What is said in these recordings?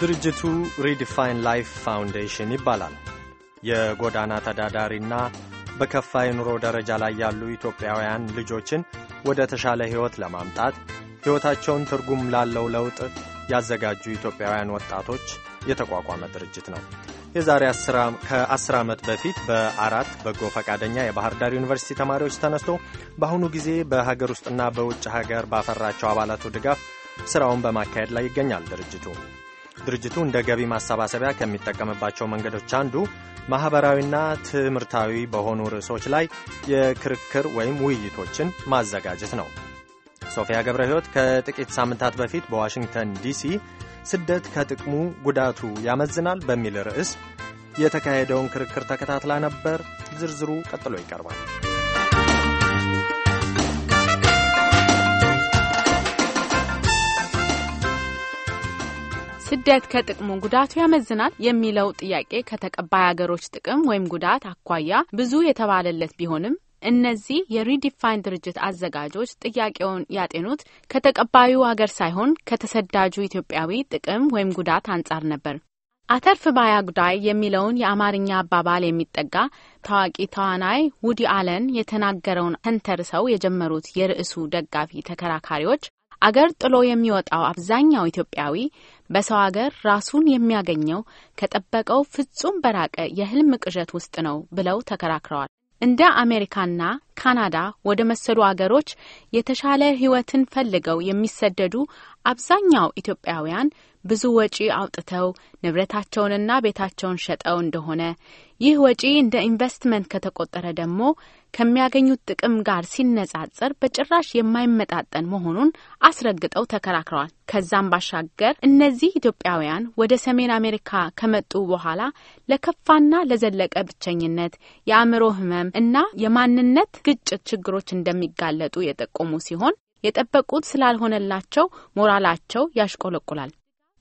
ድርጅቱ ሪዲፋይን ላይፍ ፋውንዴሽን ይባላል። የጎዳና ተዳዳሪና በከፋ የኑሮ ደረጃ ላይ ያሉ ኢትዮጵያውያን ልጆችን ወደ ተሻለ ሕይወት ለማምጣት ሕይወታቸውን ትርጉም ላለው ለውጥ ያዘጋጁ ኢትዮጵያውያን ወጣቶች የተቋቋመ ድርጅት ነው። የዛሬ ከአስር ዓመት በፊት በአራት በጎ ፈቃደኛ የባህር ዳር ዩኒቨርሲቲ ተማሪዎች ተነስቶ በአሁኑ ጊዜ በሀገር ውስጥና በውጭ ሀገር ባፈራቸው አባላቱ ድጋፍ ሥራውን በማካሄድ ላይ ይገኛል ድርጅቱ ድርጅቱ እንደ ገቢ ማሰባሰቢያ ከሚጠቀምባቸው መንገዶች አንዱ ማኅበራዊና ትምህርታዊ በሆኑ ርዕሶች ላይ የክርክር ወይም ውይይቶችን ማዘጋጀት ነው። ሶፊያ ገብረ ሕይወት ከጥቂት ሳምንታት በፊት በዋሽንግተን ዲሲ ስደት ከጥቅሙ ጉዳቱ ያመዝናል በሚል ርዕስ የተካሄደውን ክርክር ተከታትላ ነበር። ዝርዝሩ ቀጥሎ ይቀርባል። ስደት ከጥቅሙ ጉዳቱ ያመዝናል የሚለው ጥያቄ ከተቀባይ ሀገሮች ጥቅም ወይም ጉዳት አኳያ ብዙ የተባለለት ቢሆንም እነዚህ የሪዲፋይን ድርጅት አዘጋጆች ጥያቄውን ያጤኑት ከተቀባዩ ሀገር ሳይሆን ከተሰዳጁ ኢትዮጵያዊ ጥቅም ወይም ጉዳት አንጻር ነበር። አተርፍ ባያ ጉዳይ የሚለውን የአማርኛ አባባል የሚጠጋ ታዋቂ ተዋናይ ውዲ አለን የተናገረውን ተንተርሰው የጀመሩት የርዕሱ ደጋፊ ተከራካሪዎች አገር ጥሎ የሚወጣው አብዛኛው ኢትዮጵያዊ በሰው አገር ራሱን የሚያገኘው ከጠበቀው ፍጹም በራቀ የህልም ቅዠት ውስጥ ነው ብለው ተከራክረዋል። እንደ አሜሪካና ካናዳ ወደ መሰሉ አገሮች የተሻለ ህይወትን ፈልገው የሚሰደዱ አብዛኛው ኢትዮጵያውያን ብዙ ወጪ አውጥተው ንብረታቸውንና ቤታቸውን ሸጠው እንደሆነ ይህ ወጪ እንደ ኢንቨስትመንት ከተቆጠረ ደግሞ ከሚያገኙት ጥቅም ጋር ሲነጻጸር በጭራሽ የማይመጣጠን መሆኑን አስረግጠው ተከራክረዋል። ከዛም ባሻገር እነዚህ ኢትዮጵያውያን ወደ ሰሜን አሜሪካ ከመጡ በኋላ ለከፋና ለዘለቀ ብቸኝነት፣ የአእምሮ ህመም እና የማንነት ግጭት ችግሮች እንደሚጋለጡ የጠቆሙ ሲሆን የጠበቁት ስላልሆነላቸው ሞራላቸው ያሽቆለቁላል።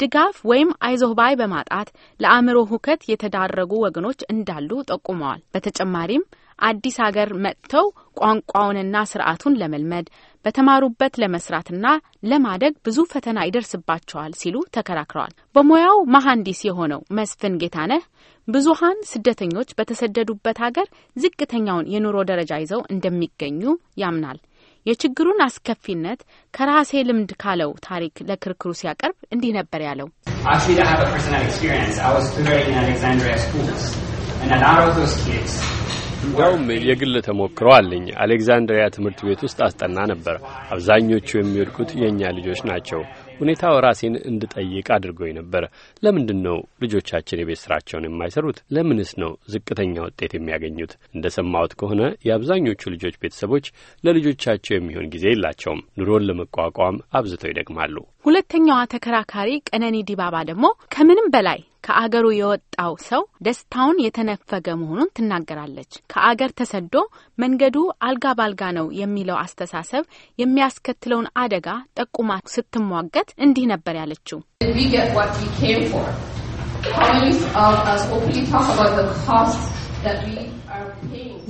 ድጋፍ ወይም አይዞህባይ በማጣት ለአእምሮ ሁከት የተዳረጉ ወገኖች እንዳሉ ጠቁመዋል። በተጨማሪም አዲስ አገር መጥተው ቋንቋውንና ስርዓቱን ለመልመድ በተማሩበት ለመስራትና ለማደግ ብዙ ፈተና ይደርስባቸዋል ሲሉ ተከራክረዋል። በሙያው መሐንዲስ የሆነው መስፍን ጌታነህ ብዙሀን ስደተኞች በተሰደዱበት ሀገር ዝቅተኛውን የኑሮ ደረጃ ይዘው እንደሚገኙ ያምናል። የችግሩን አስከፊነት ከራሴ ልምድ ካለው ታሪክ ለክርክሩ ሲያቀርብ እንዲህ ነበር ያለው። እንዲያውም የግል ተሞክሮ አለኝ። አሌክዛንድሪያ ትምህርት ቤት ውስጥ አስጠና ነበር። አብዛኞቹ የሚወድቁት የእኛ ልጆች ናቸው። ሁኔታው ራሴን እንድጠይቅ አድርጎኝ ነበር። ለምንድን ነው ልጆቻችን የቤት ስራቸውን የማይሰሩት? ለምንስ ነው ዝቅተኛ ውጤት የሚያገኙት? እንደ ሰማሁት ከሆነ የአብዛኞቹ ልጆች ቤተሰቦች ለልጆቻቸው የሚሆን ጊዜ የላቸውም። ኑሮን ለመቋቋም አብዝተው ይደግማሉ። ሁለተኛዋ ተከራካሪ ቀነኒ ዲባባ ደግሞ ከምንም በላይ ከአገሩ የወጣው ሰው ደስታውን የተነፈገ መሆኑን ትናገራለች። ከአገር ተሰዶ መንገዱ አልጋ ባልጋ ነው የሚለው አስተሳሰብ የሚያስከትለውን አደጋ ጠቁማ ስትሟገት እንዲህ ነበር ያለችው።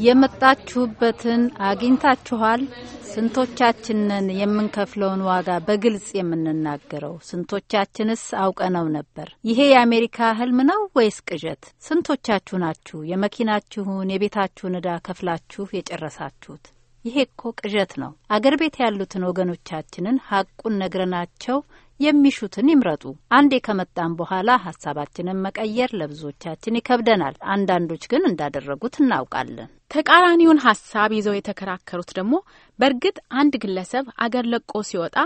የመጣችሁበትን አግኝታችኋል። ስንቶቻችንን የምንከፍለውን ዋጋ በግልጽ የምንናገረው? ስንቶቻችንስ አውቀነው ነበር? ይሄ የአሜሪካ ህልም ነው ወይስ ቅዠት? ስንቶቻችሁ ናችሁ የመኪናችሁን የቤታችሁን ዕዳ ከፍላችሁ የጨረሳችሁት? ይሄ እኮ ቅዠት ነው። አገር ቤት ያሉትን ወገኖቻችንን ሀቁን ነግረናቸው የሚሹትን ይምረጡ። አንዴ ከመጣን በኋላ ሀሳባችንን መቀየር ለብዙዎቻችን ይከብደናል። አንዳንዶች ግን እንዳደረጉት እናውቃለን። ተቃራኒውን ሀሳብ ይዘው የተከራከሩት ደግሞ በእርግጥ አንድ ግለሰብ አገር ለቆ ሲወጣ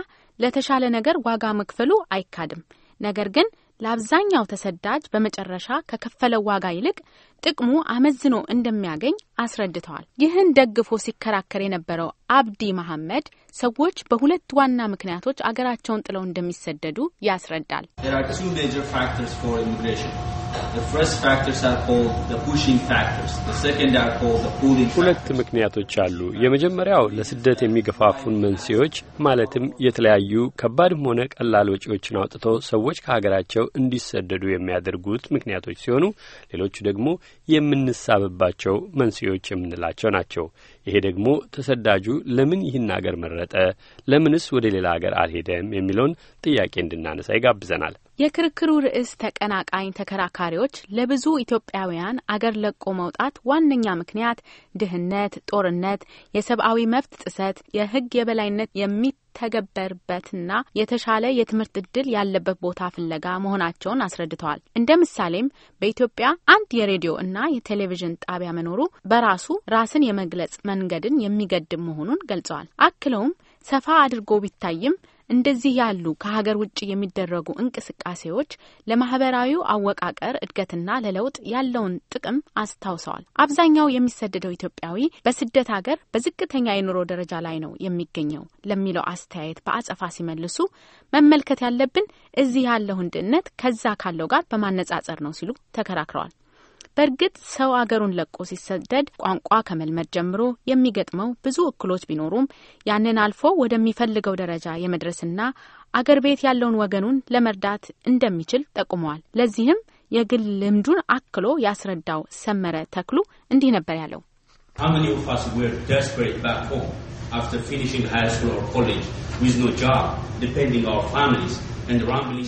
ለተሻለ ነገር ዋጋ መክፈሉ አይካድም። ነገር ግን ለአብዛኛው ተሰዳጅ በመጨረሻ ከከፈለው ዋጋ ይልቅ ጥቅሙ አመዝኖ እንደሚያገኝ አስረድተዋል። ይህን ደግፎ ሲከራከር የነበረው አብዲ መሐመድ ሰዎች በሁለት ዋና ምክንያቶች አገራቸውን ጥለው እንደሚሰደዱ ያስረዳል። ሁለት ምክንያቶች አሉ። የመጀመሪያው ለስደት የሚገፋፉን መንስኤዎች ማለትም የተለያዩ ከባድም ሆነ ቀላል ወጪዎችን አውጥተው ሰዎች ከሀገራቸው እንዲሰደዱ የሚያደርጉት ምክንያቶች ሲሆኑ፣ ሌሎቹ ደግሞ የምንሳብባቸው መንስኤዎች የምንላቸው ናቸው። ይሄ ደግሞ ተሰዳጁ ለምን ይህን አገር መረጠ፣ ለምንስ ወደ ሌላ አገር አልሄደም የሚለውን ጥያቄ እንድናነሳ ይጋብዘናል። የክርክሩ ርዕስ ተቀናቃኝ ተከራካሪዎች ለብዙ ኢትዮጵያውያን አገር ለቆ መውጣት ዋነኛ ምክንያት ድህነት፣ ጦርነት፣ የሰብአዊ መብት ጥሰት፣ የህግ የበላይነት የሚ የሚተገበርበትና የተሻለ የትምህርት እድል ያለበት ቦታ ፍለጋ መሆናቸውን አስረድተዋል። እንደ ምሳሌም በኢትዮጵያ አንድ የሬዲዮ እና የቴሌቪዥን ጣቢያ መኖሩ በራሱ ራስን የመግለጽ መንገድን የሚገድም መሆኑን ገልጸዋል። አክለውም ሰፋ አድርጎ ቢታይም እንደዚህ ያሉ ከሀገር ውጭ የሚደረጉ እንቅስቃሴዎች ለማህበራዊው አወቃቀር እድገትና ለለውጥ ያለውን ጥቅም አስታውሰዋል። አብዛኛው የሚሰደደው ኢትዮጵያዊ በስደት ሀገር በዝቅተኛ የኑሮ ደረጃ ላይ ነው የሚገኘው ለሚለው አስተያየት በአጸፋ ሲመልሱ መመልከት ያለብን እዚህ ያለው ህንድነት ከዛ ካለው ጋር በማነጻጸር ነው ሲሉ ተከራክረዋል። በእርግጥ ሰው አገሩን ለቆ ሲሰደድ ቋንቋ ከመልመድ ጀምሮ የሚገጥመው ብዙ እክሎች ቢኖሩም ያንን አልፎ ወደሚፈልገው ደረጃ የመድረስና አገር ቤት ያለውን ወገኑን ለመርዳት እንደሚችል ጠቁመዋል። ለዚህም የግል ልምዱን አክሎ ያስረዳው ሰመረ ተክሉ እንዲህ ነበር ያለው።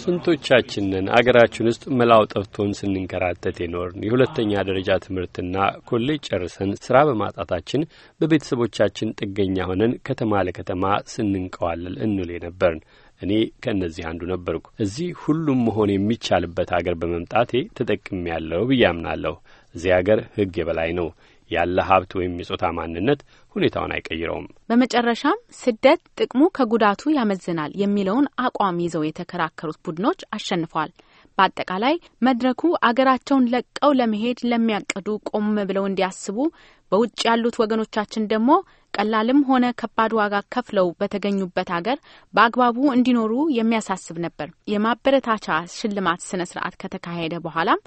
ስንቶቻችንን አገራችን ውስጥ መላው ጠፍቶን ስንንከራተት የኖርን የሁለተኛ ደረጃ ትምህርትና ኮሌጅ ጨርሰን ስራ በማጣታችን በቤተሰቦቻችን ጥገኛ ሆነን ከተማ ለከተማ ስንንቀዋለል እንውል ነበርን። እኔ ከእነዚህ አንዱ ነበርኩ። እዚህ ሁሉም መሆን የሚቻልበት አገር በመምጣቴ ተጠቅሜ ያለው ብዬ አምናለሁ። እዚህ አገር ሕግ የበላይ ነው። ያለ ሀብት ወይም የጾታ ማንነት ሁኔታውን አይቀይረውም። በመጨረሻም ስደት ጥቅሙ ከጉዳቱ ያመዝናል የሚለውን አቋም ይዘው የተከራከሩት ቡድኖች አሸንፈዋል። በአጠቃላይ መድረኩ አገራቸውን ለቀው ለመሄድ ለሚያቅዱ ቆም ብለው እንዲያስቡ፣ በውጭ ያሉት ወገኖቻችን ደግሞ ቀላልም ሆነ ከባድ ዋጋ ከፍለው በተገኙበት አገር በአግባቡ እንዲኖሩ የሚያሳስብ ነበር። የማበረታቻ ሽልማት ስነ ስርዓት ከተካሄደ በኋላም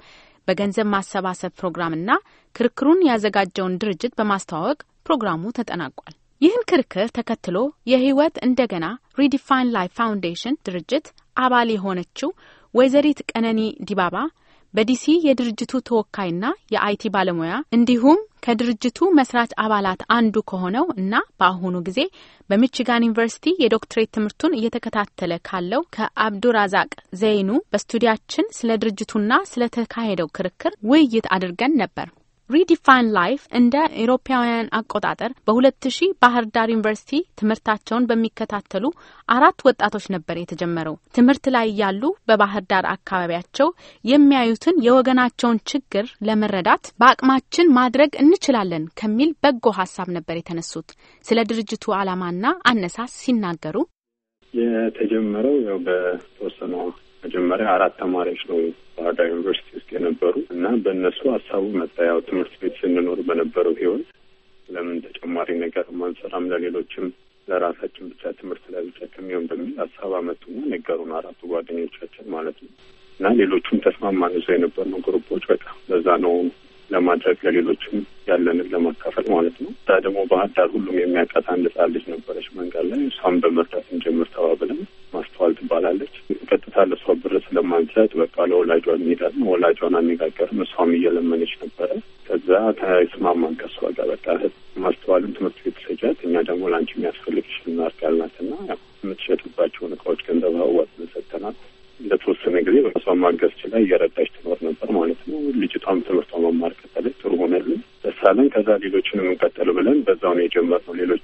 በገንዘብ ማሰባሰብ ፕሮግራምና ክርክሩን ያዘጋጀውን ድርጅት በማስተዋወቅ ፕሮግራሙ ተጠናቋል። ይህን ክርክር ተከትሎ የህይወት እንደገና ሪዲፋይን ላይፍ ፋውንዴሽን ድርጅት አባል የሆነችው ወይዘሪት ቀነኒ ዲባባ በዲሲ የድርጅቱ ተወካይና የአይቲ ባለሙያ እንዲሁም ከድርጅቱ መስራች አባላት አንዱ ከሆነው እና በአሁኑ ጊዜ በሚችጋን ዩኒቨርሲቲ የዶክትሬት ትምህርቱን እየተከታተለ ካለው ከአብዱራዛቅ ዘይኑ በስቱዲያችን ስለ ድርጅቱና ስለተካሄደው ክርክር ውይይት አድርገን ነበር። ሪዲፋይን ላይፍ እንደ ኤሮፓውያን አቆጣጠር በ 2000 ባህር ዳር ዩኒቨርሲቲ ትምህርታቸውን በሚከታተሉ አራት ወጣቶች ነበር የተጀመረው። ትምህርት ላይ ያሉ በባህር ዳር አካባቢያቸው የሚያዩትን የወገናቸውን ችግር ለመረዳት በአቅማችን ማድረግ እንችላለን ከሚል በጎ ሀሳብ ነበር የተነሱት። ስለ ድርጅቱ ዓላማና አነሳስ ሲናገሩ የተጀመረው ያው በተወሰነ መጀመሪያ አራት ተማሪዎች ነው ባህርዳር ዩኒቨርሲቲ ውስጥ የነበሩ እና በእነሱ ሀሳቡ መጣ። ያው ትምህርት ቤት ስንኖር በነበረው ህይወት ለምን ተጨማሪ ነገር ማንሰራም ለሌሎችም ለራሳችን ብቻ ትምህርት ላይ ብቻ ከሚሆን በሚል ሀሳብ አመጡና ነገሩን አራቱ ጓደኞቻችን ማለት ነው እና ሌሎቹም ተስማማን። እዛ የነበርነው ግሩፖች በቃ በዛ ነው ለማድረግ ለሌሎችም ያለንን ለማካፈል ማለት ነው። እዛ ደግሞ ባህር ዳር ሁሉም የሚያውቃት አንድ ህጻን ልጅ ነበረች መንገድ ላይ እሷን በመርዳት እንጀምር ተባብለን ማስተዋል ትባላለች። ቀጥታ ለእሷ ብር ስለማንሰጥ በቃ ለወላጇ እንሄዳለን። ወላጇን አነጋገርም እሷም እየለመነች ነበረ። ከዛ ተስማማን ከእሷ ጋር በቃ ማስተዋልን ትምህርት ቤት ስጃት፣ እኛ ደግሞ ለአንቺ የሚያስፈልግሽ እናድርግ ና የምትሸጥባቸውን እቃዎች ገንዘብ አዋጥተን ሰጥተናት ለተወሰነ ጊዜ በእሷ ማገዝ ችላ እየረዳች ትኖር ነበር ማለት ነው። ልጅቷም ትምህርቷ መማር አነሳለን። ከዛ ሌሎችን የምንቀጥል ብለን በዛው ነው የጀመርነው። ሌሎች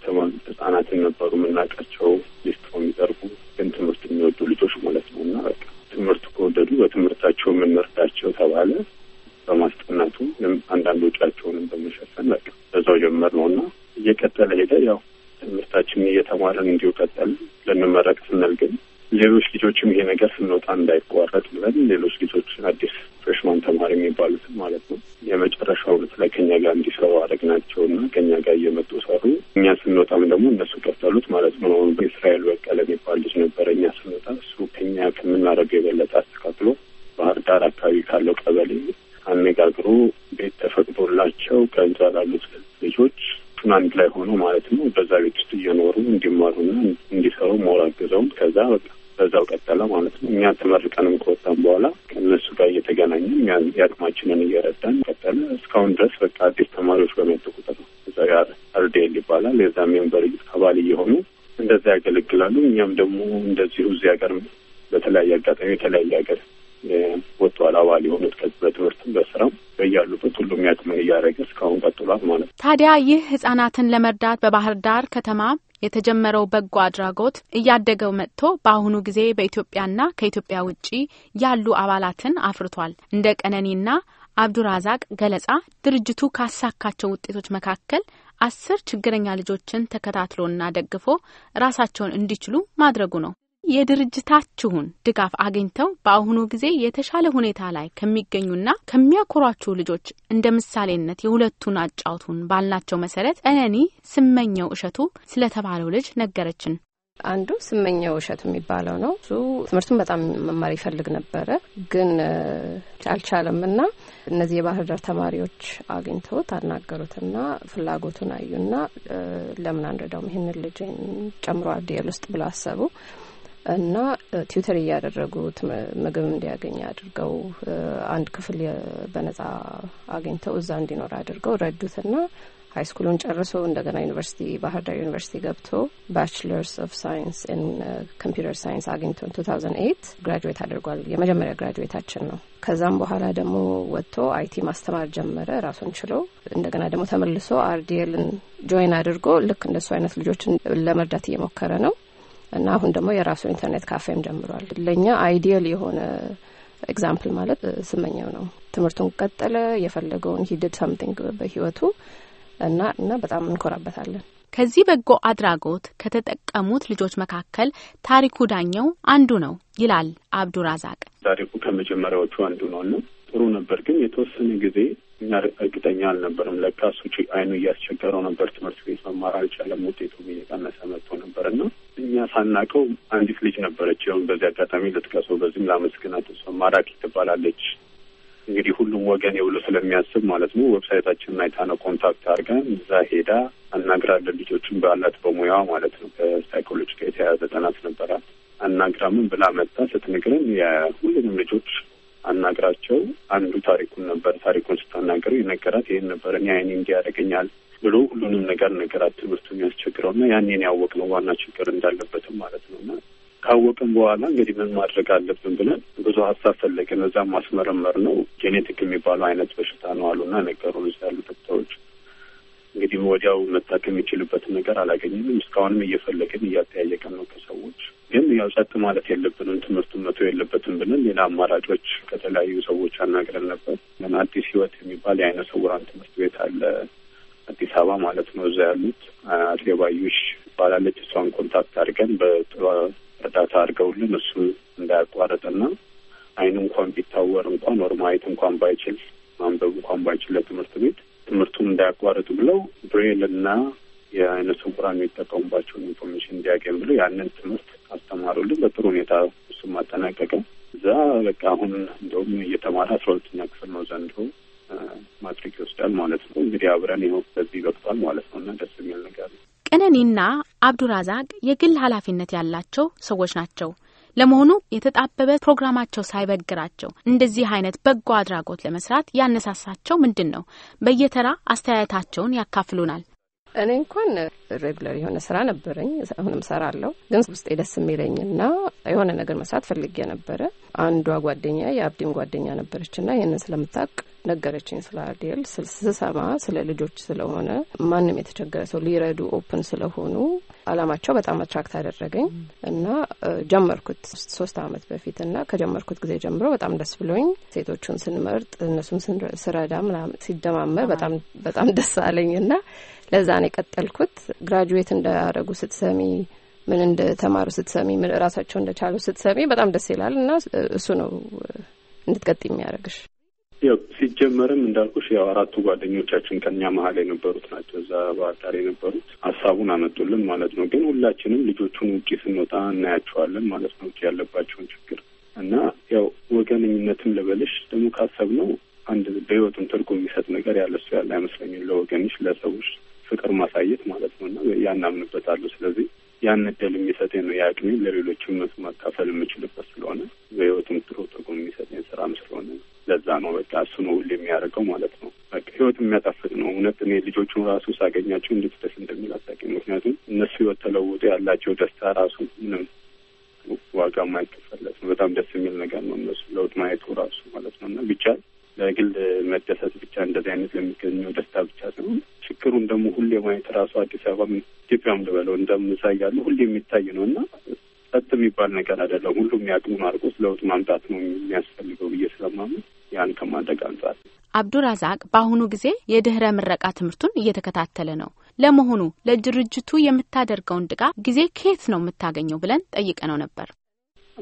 ህጻናትን ነበሩ የምናውቃቸው ሊስቶ የሚጠርጉ ግን ትምህርት የሚወዱ ልጆች ማለት ነው እና በቃ ትምህርት ከወደዱ በትምህርታቸው የምንመርዳቸው ተባለ። ካደረገ የበለጠ አስተካክሎ ባህር ዳር አካባቢ ካለው ቀበሌ አነጋግሮ ቤት ተፈቅዶላቸው ከዛ ላሉት ልጆች ሁለቱን አንድ ላይ ሆኖ ማለት ነው በዛ ቤት ውስጥ እየኖሩ እንዲማሩና እንዲሰሩ ሞራል ገዛውም ከዛ በዛው ቀጠለ ማለት ነው። እኛ ተመርቀንም ከወጣም በኋላ ከእነሱ ጋር እየተገናኘን የአቅማችንን እየረዳን ቀጠለ። እስካሁን ድረስ በቃ አዲስ ተማሪዎች በመጡ ቁጥር ነው እዛ ጋር አርዴል ይባላል የዛ ሜምበር አባል እየሆኑ እንደዛ ያገለግላሉ። እኛም ደግሞ እንደዚሁ እዚህ ሀገር ታዲያ ይህ ህጻናትን ለመርዳት በባህር ዳር ከተማ የተጀመረው በጎ አድራጎት እያደገው መጥቶ በአሁኑ ጊዜ በኢትዮጵያና ከኢትዮጵያ ውጪ ያሉ አባላትን አፍርቷል። እንደ ቀነኒና አብዱራዛቅ ገለጻ ድርጅቱ ካሳካቸው ውጤቶች መካከል አስር ችግረኛ ልጆችን ተከታትሎና ደግፎ ራሳቸውን እንዲችሉ ማድረጉ ነው። የድርጅታችሁን ድጋፍ አግኝተው በአሁኑ ጊዜ የተሻለ ሁኔታ ላይ ከሚገኙና ከሚያኮሯችሁ ልጆች እንደ ምሳሌነት የሁለቱን አጫውቱን ባልናቸው መሰረት እነኒ ስመኘው እሸቱ ስለተባለው ልጅ ነገረችን። አንዱ ስመኘው እሸት የሚባለው ነው። እሱ ትምህርቱን በጣም መማር ይፈልግ ነበረ፣ ግን አልቻለም እና እነዚህ የባህር ዳር ተማሪዎች አግኝተውት አናገሩትና ፍላጎቱን አዩና ለምን አንረዳውም ይህንን ልጅ ጨምሮ አድየል ውስጥ ብሎ አሰቡ። እና ቲዩተር እያደረጉ ምግብ እንዲያገኝ አድርገው አንድ ክፍል በነጻ አግኝተው እዛ እንዲኖር አድርገው ረዱትና ሀይ ስኩሉን ጨርሶ እንደገና ዩኒቨርሲቲ ባህር ዳር ዩኒቨርሲቲ ገብቶ ባችለርስ ኦፍ ሳይንስ ን ኮምፒውተር ሳይንስ አግኝቶ ቱ ታውዘንድ ኤይት ግራጁዌት አድርጓል። የመጀመሪያ ግራጁዌታችን ነው። ከዛም በኋላ ደግሞ ወጥቶ አይቲ ማስተማር ጀመረ ራሱን ችሎ። እንደገና ደግሞ ተመልሶ አርዲኤልን ጆይን አድርጎ ልክ እንደሱ አይነት ልጆችን ለመርዳት እየሞከረ ነው። እና አሁን ደግሞ የራሱ ኢንተርኔት ካፌም ጀምሯል። ለእኛ አይዲየል የሆነ ኤግዛምፕል ማለት ስመኛው ነው። ትምህርቱን ቀጠለ፣ የፈለገውን ሂድድ ሳምቲንግ በህይወቱ እና እና በጣም እንኮራበታለን። ከዚህ በጎ አድራጎት ከተጠቀሙት ልጆች መካከል ታሪኩ ዳኘው አንዱ ነው ይላል አብዱራዛቅ። ታሪኩ ከመጀመሪያዎቹ አንዱ ነው እና ጥሩ ነበር ግን የተወሰነ ጊዜ እኛ እርግጠኛ አልነበርም። ለካ እሱ አይኑ እያስቸገረው ነበር፣ ትምህርት ቤት መማር አልቻለም። ውጤቱ እየቀነሰ መጥቶ ነበር እና እኛ ሳናቀው አንዲት ልጅ ነበረች። ይሁን በዚህ አጋጣሚ ልጥቀሰው፣ በዚህም ላመስግናት። እሷ ማራኪ ትባላለች። እንግዲህ ሁሉም ወገን የብሎ ስለሚያስብ ማለት ነው። ዌብሳይታችን አይታ ነው ኮንታክት አድርገን እዛ ሄዳ አናግራለን። ልጆቹን ባላት በሙያዋ ማለት ነው። ከሳይኮሎጂ ጋር የተያያዘ ጥናት ነበራት። አናግራምን ብላ መጣ ስትነግረን የሁሉንም ልጆች አናግራቸው አንዱ ታሪኩን ነበር። ታሪኩን ስታናገረው የነገራት ይህን ነበር እኔ አይኔ እንዲህ ያደርገኛል ብሎ ሁሉንም ነገር ነገራት። ትምህርቱ የሚያስቸግረው እና ያኔን ያወቅነው ዋና ችግር እንዳለበትም ማለት ነው እና ካወቅን በኋላ እንግዲህ ምን ማድረግ አለብን ብለን ብዙ ሀሳብ ፈለግን። እዛ ማስመረመር ነው ጄኔቲክ የሚባለው አይነት በሽታ ነው አሉና ነገሩን እዛ ያሉ ዶክተሮች እንግዲህ ወዲያው መታከም የሚችልበትን ነገር አላገኘንም። እስካሁንም እየፈለግን እያጠያየቅን ነው ከሰዎች ግን ያው ጸጥ ማለት የለብንም ትምህርቱን መቶ የለበትም ብለን ሌላ አማራጮች ከተለያዩ ሰዎች አናግረን ነበር። ግን አዲስ ህይወት የሚባል የአይነ ስውራን ትምህርት ቤት አለ አዲስ አበባ ማለት ነው። እዛ ያሉት አጼ ባዩሽ ይባላለች። እሷን ኮንታክት አድርገን በጥሩ እርዳታ አድርገውልን እሱ እንዳያቋረጥና አይኑ እንኳን ቢታወር እንኳን ወር ማየት እንኳን ባይችል ማንበብ እንኳን ባይችል ለትምህርት ቤት ትምህርቱን እንዳያቋርጥ ብለው ብሬል እና የአይነ ስውራን የሚጠቀሙባቸውን ኢንፎርሜሽን እንዲያገኝ ብለው ያንን ትምህርት አስተማሩልን በጥሩ ሁኔታ እሱም አጠናቀቀ። እዛ በቃ አሁን እንደውም እየተማረ አስራ ሁለተኛ ክፍል ነው ዘንድሮ ማትሪክ ይወስዳል ማለት ነው። እንግዲህ አብረን ይኸው በዚህ በቅቷል ማለት ነው እና ደስ የሚል ነገር ነው። ቀነኒና አብዱራዛቅ የግል ኃላፊነት ያላቸው ሰዎች ናቸው። ለመሆኑ የተጣበበ ፕሮግራማቸው ሳይበግራቸው እንደዚህ አይነት በጎ አድራጎት ለመስራት ያነሳሳቸው ምንድን ነው? በየተራ አስተያየታቸውን ያካፍሉናል። እኔ እንኳን ሬጉለር የሆነ ስራ ነበረኝ፣ አሁንም ሰራለሁ። ግን ውስጤ ደስ የሚለኝና የሆነ ነገር መስራት ፈልጌ ነበረ። አንዷ ጓደኛ የአብዲም ጓደኛ ነበረችና ይህንን ስለምታውቅ ነገረችኝ። ስለ አርዲኤል ስሰማ ስለ ልጆች ስለሆነ ማንም የተቸገረ ሰው ሊረዱ ኦፕን ስለሆኑ አላማቸው በጣም አትራክት አደረገኝ እና ጀመርኩት ሶስት አመት በፊት እና ከጀመርኩት ጊዜ ጀምሮ በጣም ደስ ብሎኝ ሴቶቹን ስንመርጥ እነሱም ስረዳ ምናምን ሲደማመር በጣም በጣም ደስ አለኝ እና ለዛ ነው የቀጠልኩት። ግራጁዌት እንዳያደረጉ ስትሰሚ ምን እንደተማሩ ስትሰሚ ምን ራሳቸው እንደቻሉ ስትሰሚ በጣም ደስ ይላል እና እሱ ነው እንድትቀጥ የሚያደርግሽ ያው ሲጀመርም እንዳልኩሽ ያው አራቱ ጓደኞቻችን ከኛ መሀል የነበሩት ናቸው። እዛ ባህር ዳር የነበሩት ሀሳቡን አመጡልን ማለት ነው። ግን ሁላችንም ልጆቹን ውጭ ስንወጣ እናያቸዋለን ማለት ነው። ውጭ ያለባቸውን ችግር እና ያው ወገንኝነትም ልበልሽ ደግሞ ካሰብ ነው አንድ በህይወቱን ትርጉም የሚሰጥ ነገር ያለሱ ያለ አይመስለኝም። ለወገንሽ ለሰዎች ፍቅር ማሳየት ማለት ነው እና ያናምንበታሉ። ስለዚህ ያን እድል የሚሰጠኝ ነው የአቅሜ ለሌሎችም ማካፈል የምችልበት ስለሆነ በህይወትም ጥሩ ትርጉም የሚሰጠኝ ስራም ስለሆነ ነው። ለዛ ነው በቃ እሱ ነው ሁሌ የሚያደርገው ማለት ነው። በቃ ህይወት የሚያጣፍጥ ነው እውነት። እኔ ልጆቹን ራሱ ሳገኛቸው እንዴት ደስ እንደሚል አታውቂም። ምክንያቱም እነሱ ህይወት ተለውጦ ያላቸው ደስታ ራሱ ምንም ዋጋ ማይከፈለት ነው። በጣም ደስ የሚል ነገር ነው እነሱ ለውጥ ማየቱ ራሱ ማለት ነው። እና ብቻ ለግል መደሰት ብቻ እንደዚህ አይነት ለሚገኘው ደስታ ብቻ ሳይሆን ችግሩን ደግሞ ሁሌ ማየት ራሱ አዲስ አበባ ኢትዮጵያም ልበለው እንደምሳይ ሁሌ የሚታይ ነው እና ጸጥ የሚባል ነገር አይደለም። ሁሉም ያቅሙን አድርጎ ለውጥ ማምጣት ነው የሚያስፈልገው ብዬ ስለማምን ያን ከማድረግ አንጻር አብዱራዛቅ በአሁኑ ጊዜ የድህረ ምረቃ ትምህርቱን እየተከታተለ ነው። ለመሆኑ ለድርጅቱ የምታደርገውን ድጋፍ ጊዜ ከየት ነው የምታገኘው ብለን ጠይቀ ነው ነበር።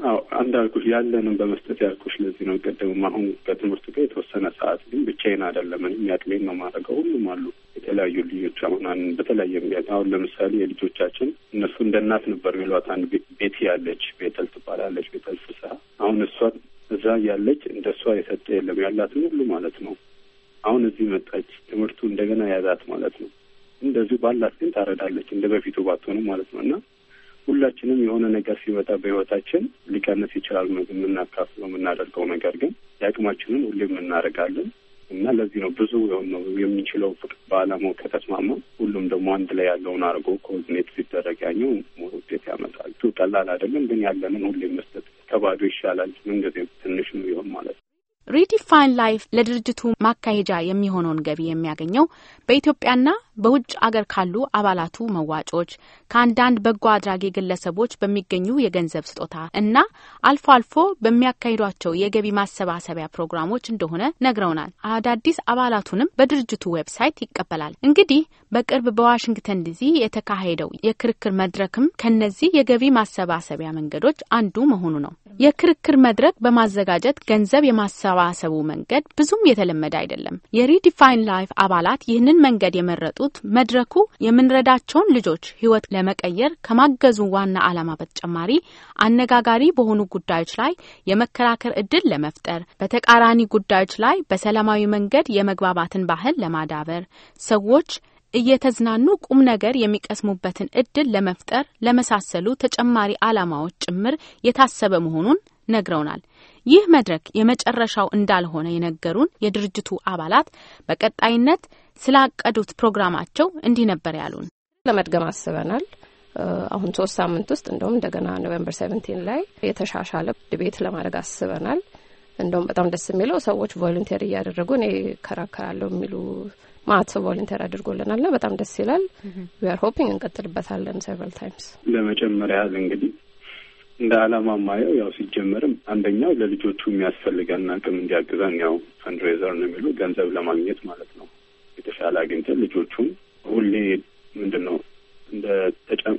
አዎ እንዳልኩሽ ያለንም በመስጠት ያልኩሽ ለዚህ ነው። ቀደምም አሁን በትምህርት ጋር የተወሰነ ሰዓት ግን ብቻዬን አይደለም። እኔም ነው ማድረገው። ሁሉም አሉ የተለያዩ ልጆች አሁን በተለያየ ምክንያት አሁን ለምሳሌ የልጆቻችን እነሱ እንደ እናት ነበር የሚሏት አንድ ቤት ያለች ቤተል ትባላለች። ቤተል ፍስሀ አሁን እሷን እዛ ያለች እንደ እሷ የሰጠ የለም ያላትን ሁሉ ማለት ነው። አሁን እዚህ መጣች ትምህርቱ እንደገና ያዛት ማለት ነው። እንደዚሁ ባላት ግን ታረዳለች እንደ በፊቱ ባትሆንም ማለት ነው እና ሁላችንም የሆነ ነገር ሲመጣ በህይወታችን ሊቀንስ ይችላል የምናካፍለው የምናደርገው ነገር ግን የአቅማችንን ሁሌም እናደርጋለን እና ለዚህ ነው ብዙ ነው የሚችለው ፍቅር በአላማው ከተስማማ ሁሉም ደግሞ አንድ ላይ ያለውን አድርጎ ኮኦርዲኔት ሲደረግ ያኘው ውጤት ያመጣል። ቀላል አይደለም ግን ያለንን ሁሌም መስጠት ከባዶ ይሻላል። ምንጊዜ ትንሽ ነው ይሆን ማለት ነው። ሪዲፋይን ላይፍ ለድርጅቱ ማካሄጃ የሚሆነውን ገቢ የሚያገኘው በኢትዮጵያና በውጭ አገር ካሉ አባላቱ መዋጮች፣ ከአንዳንድ በጎ አድራጊ ግለሰቦች በሚገኙ የገንዘብ ስጦታ እና አልፎ አልፎ በሚያካሂዷቸው የገቢ ማሰባሰቢያ ፕሮግራሞች እንደሆነ ነግረውናል። አዳዲስ አባላቱንም በድርጅቱ ዌብሳይት ይቀበላል። እንግዲህ በቅርብ በዋሽንግተን ዲሲ የተካሄደው የክርክር መድረክም ከነዚህ የገቢ ማሰባሰቢያ መንገዶች አንዱ መሆኑ ነው። የክርክር መድረክ በማዘጋጀት ገንዘብ የማሰባ የማሰባሰቡ መንገድ ብዙም የተለመደ አይደለም። የሪዲፋይን ላይፍ አባላት ይህንን መንገድ የመረጡት መድረኩ የምንረዳቸውን ልጆች ህይወት ለመቀየር ከማገዙ ዋና ዓላማ በተጨማሪ አነጋጋሪ በሆኑ ጉዳዮች ላይ የመከራከር እድል ለመፍጠር፣ በተቃራኒ ጉዳዮች ላይ በሰላማዊ መንገድ የመግባባትን ባህል ለማዳበር ሰዎች እየተዝናኑ ቁም ነገር የሚቀስሙበትን እድል ለመፍጠር ለመሳሰሉ ተጨማሪ ዓላማዎች ጭምር የታሰበ መሆኑን ነግረውናል። ይህ መድረክ የመጨረሻው እንዳልሆነ የነገሩን የድርጅቱ አባላት በቀጣይነት ስላቀዱት ፕሮግራማቸው እንዲህ ነበር ያሉን። ለመድገም አስበናል። አሁን ሶስት ሳምንት ውስጥ እንደውም እንደገና ኖቬምበር ሴቨንቲን ላይ የተሻሻለ ድቤት ለማድረግ አስበናል። እንደውም በጣም ደስ የሚለው ሰዎች ቮለንቴር እያደረጉ እኔ እከራከራለሁ የሚሉ ማት ሰው ቮለንቴር አድርጎልናል ና በጣም ደስ ይላል። አር ሆፒንግ እንቀጥልበታለን። ሰቨራል ታይምስ ለመጀመሪያ ያህል እንግዲህ እንደ አላማ ማየው ያው ሲጀመርም አንደኛው ለልጆቹ የሚያስፈልገን አቅም እንዲያግዘን ያው ፈንድሬዘር ነው የሚሉ ገንዘብ ለማግኘት ማለት ነው። የተሻለ አግኝተን ልጆቹም ሁሌ ምንድን ነው እንደ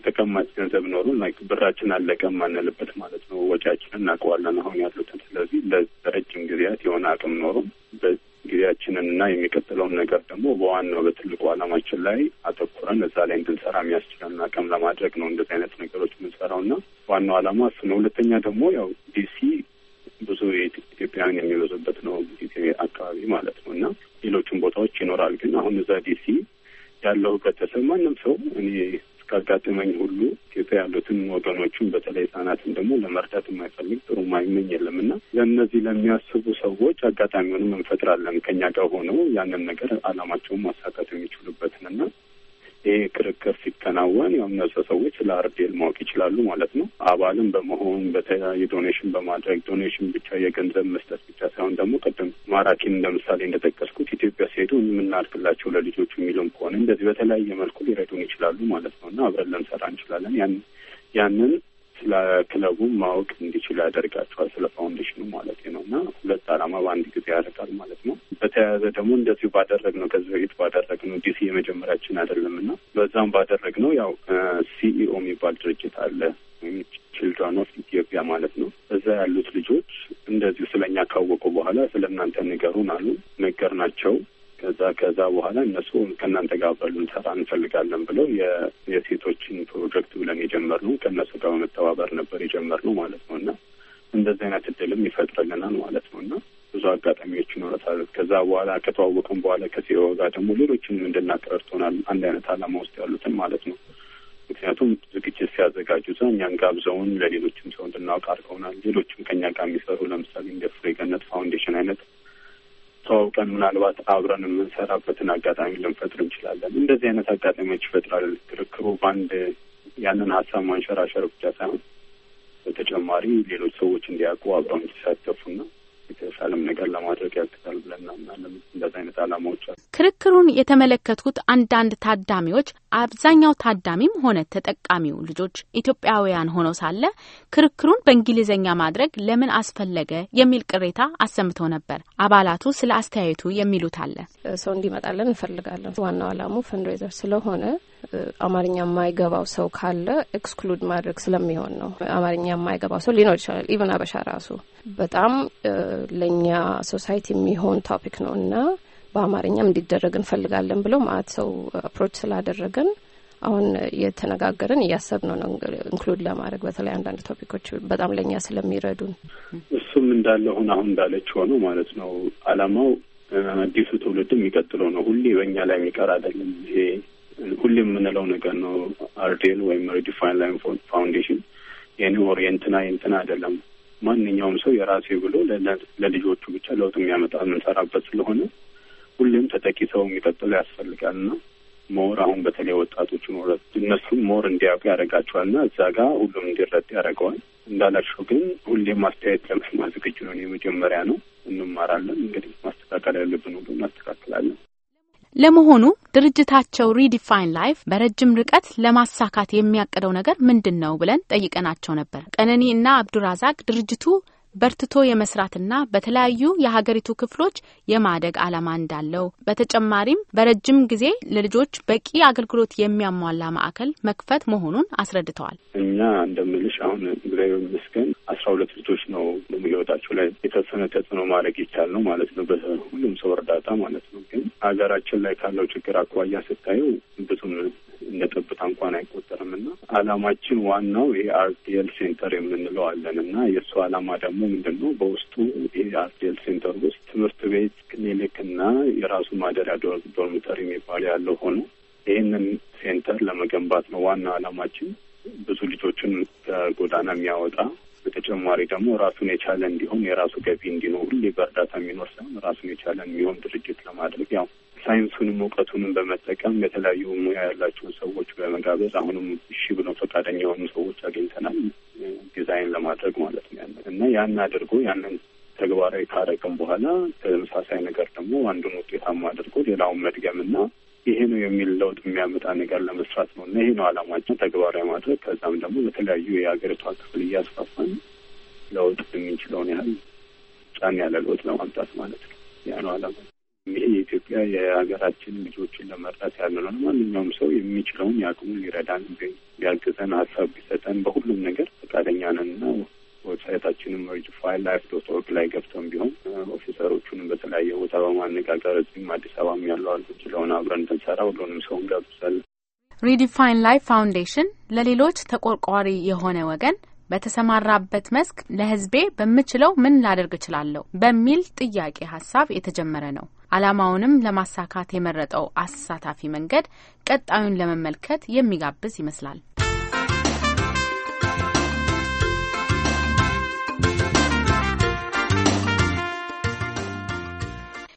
ተቀማጭ ገንዘብ ኖሩ ብራችን አለቀም ማንልበት ማለት ነው። ወጪያችንን እናውቀዋለን አሁን ያሉትን። ስለዚህ ለረጅም ጊዜያት የሆነ አቅም ኖሩ ጊዜያችንን እና የሚቀጥለውን ነገር ደግሞ በዋናው በትልቁ ዓላማችን ላይ አተኩረን እዛ ላይ እንድንሰራ የሚያስችለን አቅም ለማድረግ ነው እንደዚህ አይነት ነገሮች የምንሰራው እና ዋናው ዓላማ እሱ ነው። ሁለተኛ ደግሞ ያው ዲሲ ብዙ ኢትዮጵያውያን የሚበዙበት ነው ጊዜ አካባቢ ማለት ነው እና ሌሎችም ቦታዎች ይኖራል። ግን አሁን እዛ ዲሲ ያለው ህብረተሰብ ማንም ሰው እኔ አጋጥመኝ ሁሉ ኢትዮጵያ ያሉትን ወገኖቹን በተለይ ህጻናትን ደግሞ ለመርዳት የማይፈልግ ጥሩ ማይመኝ የለም እና ለእነዚህ ለሚያስቡ ሰዎች አጋጣሚውንም እንፈጥራለን ከኛ ጋር ሆነው ያንን ነገር አላማቸውን ማሳካት የሚችሉበትን እና ይሄ ክርክር ሲከናወን ያው እነዚያ ሰዎች ስለ አርዴል ማወቅ ይችላሉ ማለት ነው። አባልም በመሆን በተለያየ ዶኔሽን በማድረግ ዶኔሽን ብቻ የገንዘብ መስጠት ብቻ ሳይሆን ደግሞ ቅድም ማራኪን እንደምሳሌ እንደጠቀስኩት ኢትዮጵያ ሲሄዱ የምናርግላቸው ለልጆቹ የሚለውም ከሆነ እንደዚህ በተለያየ መልኩ ሊረዱን ይችላሉ ማለት ነው እና አብረን ልንሰራ እንችላለን ያን ያንን ስለ ክለቡ ማወቅ እንዲችሉ ያደርጋቸዋል። ስለ ፋውንዴሽኑ ማለት ነው። እና ሁለት አላማ በአንድ ጊዜ ያደርጋል ማለት ነው። በተያያዘ ደግሞ እንደዚሁ ባደረግነው ከዚህ በፊት ባደረግነው ዲሲ የመጀመሪያችን አይደለም እና በዛም ባደረግነው ያው ሲኢኦ የሚባል ድርጅት አለ ወይም ችልድረን ኦፍ ኢትዮጵያ ማለት ነው። እዛ ያሉት ልጆች እንደዚሁ ስለኛ ካወቁ በኋላ ስለ እናንተ ንገሩን አሉ። ናቸው ከዛ ከዛ በኋላ እነሱ ከእናንተ ጋር በሉ እንሰራ እንፈልጋለን ብለው የሴቶችን ፕሮጀክት ብለን የጀመርነው ከእነሱ ጋር በመተባበር ነበር የጀመርነው ማለት ነው። እና እንደዚህ አይነት እድልም ይፈጥርልናል ማለት ነው። እና ብዙ አጋጣሚዎች ይኖረታል። ከዛ በኋላ ከተዋወቀን በኋላ ከሲኦ ጋር ደግሞ ሌሎችንም እንድናቀረርቶናል አንድ አይነት አላማ ውስጥ ያሉትን ማለት ነው። ምክንያቱም ዝግጅት ሲያዘጋጁ ሰው እኛን ጋብዘውን ለሌሎችም ሰው እንድናውቅ አድርገውናል። ሌሎችም ከኛ ጋር የሚሰሩ ለምሳሌ እንደ ፍሬገነት ፋውንዴሽን አይነት ተዋውቀን ምናልባት አብረን የምንሰራበትን አጋጣሚ ልንፈጥር እንችላለን። እንደዚህ አይነት አጋጣሚዎች ይፈጥራል። ክርክሩ በአንድ ያንን ሀሳብ ማንሸራሸር ብቻ ሳይሆን በተጨማሪ ሌሎች ሰዎች እንዲያውቁ አብረው እንዲሳተፉና የተሻለም ነገር ለማድረግ ያግዛል ብለን እናምናለን። እንደዚህ አይነት አላማዎች አሉ። ክርክሩን የተመለከቱት አንዳንድ ታዳሚዎች አብዛኛው ታዳሚም ሆነ ተጠቃሚው ልጆች ኢትዮጵያውያን ሆነው ሳለ ክርክሩን በእንግሊዝኛ ማድረግ ለምን አስፈለገ የሚል ቅሬታ አሰምተው ነበር። አባላቱ ስለ አስተያየቱ የሚሉት አለ። ሰው እንዲመጣለን እንፈልጋለን። ዋናው አላማው ፈንድሬዘር ስለሆነ አማርኛ የማይገባው ሰው ካለ ኤክስክሉድ ማድረግ ስለሚሆን ነው። አማርኛ የማይገባው ሰው ሊኖር ይችላል። ኢቨን አበሻ ራሱ በጣም ለእኛ ሶሳይቲ የሚሆን ቶፒክ ነው እና በአማርኛም እንዲደረግ እንፈልጋለን ብለው ማአት ሰው አፕሮች ስላደረገን አሁን የተነጋገርን እያሰብ ነው ነው ኢንክሉድ ለማድረግ በተለይ አንዳንድ ቶፒኮች በጣም ለእኛ ስለሚረዱን እሱም እንዳለ ሁን አሁን እንዳለች ሆኖ ማለት ነው። አላማው አዲሱ ትውልድ የሚቀጥለው ነው። ሁሌ በእኛ ላይ የሚቀር አይደለም። ይሄ ሁሌ የምንለው ነገር ነው። አርዴል ወይም ሪዲፋይን ላይ ፋውንዴሽን የኔ ወር የእንትና የእንትና አይደለም። ማንኛውም ሰው የራሴ ብሎ ለልጆቹ ብቻ ለውጥ የሚያመጣ የምንሰራበት ስለሆነ ሁሌም ተጠቂ ሰው የሚቀጥለው ያስፈልጋል ና ሞር አሁን በተለይ ወጣቶች ኖረ እነሱም ሞር እንዲያውቁ ያደርጋቸዋል ና እዛ ጋር ሁሉም እንዲረጥ ያደርገዋል። እንዳላቸው ግን ሁሌም ማስተያየት ለመስማት ዝግጁ ነው። የመጀመሪያ ነው፣ እንማራለን። እንግዲህ ማስተካከል ያለብን ሁሉ እናስተካክላለን። ለመሆኑ ድርጅታቸው ሪዲፋይን ላይፍ በረጅም ርቀት ለማሳካት የሚያቅደው ነገር ምንድን ነው ብለን ጠይቀናቸው ነበር። ቀነኒ እና አብዱራዛቅ ድርጅቱ በርትቶ የመስራትና በተለያዩ የሀገሪቱ ክፍሎች የማደግ ዓላማ እንዳለው በተጨማሪም በረጅም ጊዜ ለልጆች በቂ አገልግሎት የሚያሟላ ማዕከል መክፈት መሆኑን አስረድተዋል። እኛ እንደምልሽ አሁን እግዚአብሔር ይመስገን አስራ ሁለት ልጆች ነው ህይወታቸው ላይ የተወሰነ ተጽዕኖ ማድረግ ይቻል ነው ማለት ነው በሁሉም ሰው እርዳታ ማለት ነው። ግን ሀገራችን ላይ ካለው ችግር አኳያ ስታዩ ብዙም እንደ ጠብታ እንኳን አይቆጠርም እና አላማችን ዋናው ይሄ አርዲኤል ሴንተር የምንለው አለን እና የእሱ አላማ ደግሞ ምንድን ነው? በውስጡ ይሄ አርዲኤል ሴንተር ውስጥ ትምህርት ቤት፣ ክሊኒክ እና የራሱ ማደሪያ ዶርሚተሪ የሚባል ያለው ሆኖ ይህንን ሴንተር ለመገንባት ነው ዋና አላማችን። ብዙ ልጆችን ከጎዳና የሚያወጣ በተጨማሪ ደግሞ ራሱን የቻለ እንዲሆን የራሱ ገቢ እንዲኖር ሁሌ በእርዳታ የሚኖር ሳይሆን ራሱን የቻለ የሚሆን ድርጅት ለማድረግ ያው ሳይንሱንም እውቀቱንም በመጠቀም የተለያዩ ሙያ ያላቸውን ሰዎች በመጋበዝ አሁንም እሺ ብለው ፈቃደኛ የሆኑ ሰዎች አግኝተናል። ዲዛይን ለማድረግ ማለት ነው እና ያን አድርጎ ያንን ተግባራዊ ካረቅም በኋላ ተመሳሳይ ነገር ደግሞ አንዱን ውጤታማ አድርጎ ሌላውን መድገምና ይሄ ነው የሚል ለውጥ የሚያመጣ ነገር ለመስራት ነው እና ይሄ ነው አላማችን ተግባራዊ ማድረግ ከዛም ደግሞ በተለያዩ የሀገሪቷ ክፍል እያስፋፋን ለውጥ የሚችለውን ያህል ጫን ያለ ለውጥ ለማምጣት ማለት ነው። ያ ነው አላማ። ይሄ የኢትዮጵያ የሀገራችን ልጆችን ለመርዳት ያለ ነው። ማንኛውም ሰው የሚችለውን የአቅሙን ይረዳን፣ ቢያግዘን፣ ሀሳብ ቢሰጠን በሁሉም ነገር ፈቃደኛ ነን እና ዌብሳይታችንም ሪጅ ፋይል ላይፍ ዶት ኦርግ ላይ ገብተውም ቢሆን ኦፊሰሮቹንም በተለያየ ቦታ በማነጋገር እዚህም አዲስ አበባም ያለው አሉ ችለውን አብረን ብንሰራ ሁሉንም ሰውን ጋብዛለን። ሪዲፋይን ላይፍ ፋውንዴሽን ለሌሎች ተቆርቋሪ የሆነ ወገን በተሰማራበት መስክ ለሕዝቤ በምችለው ምን ላደርግ እችላለሁ በሚል ጥያቄ ሀሳብ የተጀመረ ነው። ዓላማውንም ለማሳካት የመረጠው አሳታፊ መንገድ ቀጣዩን ለመመልከት የሚጋብዝ ይመስላል።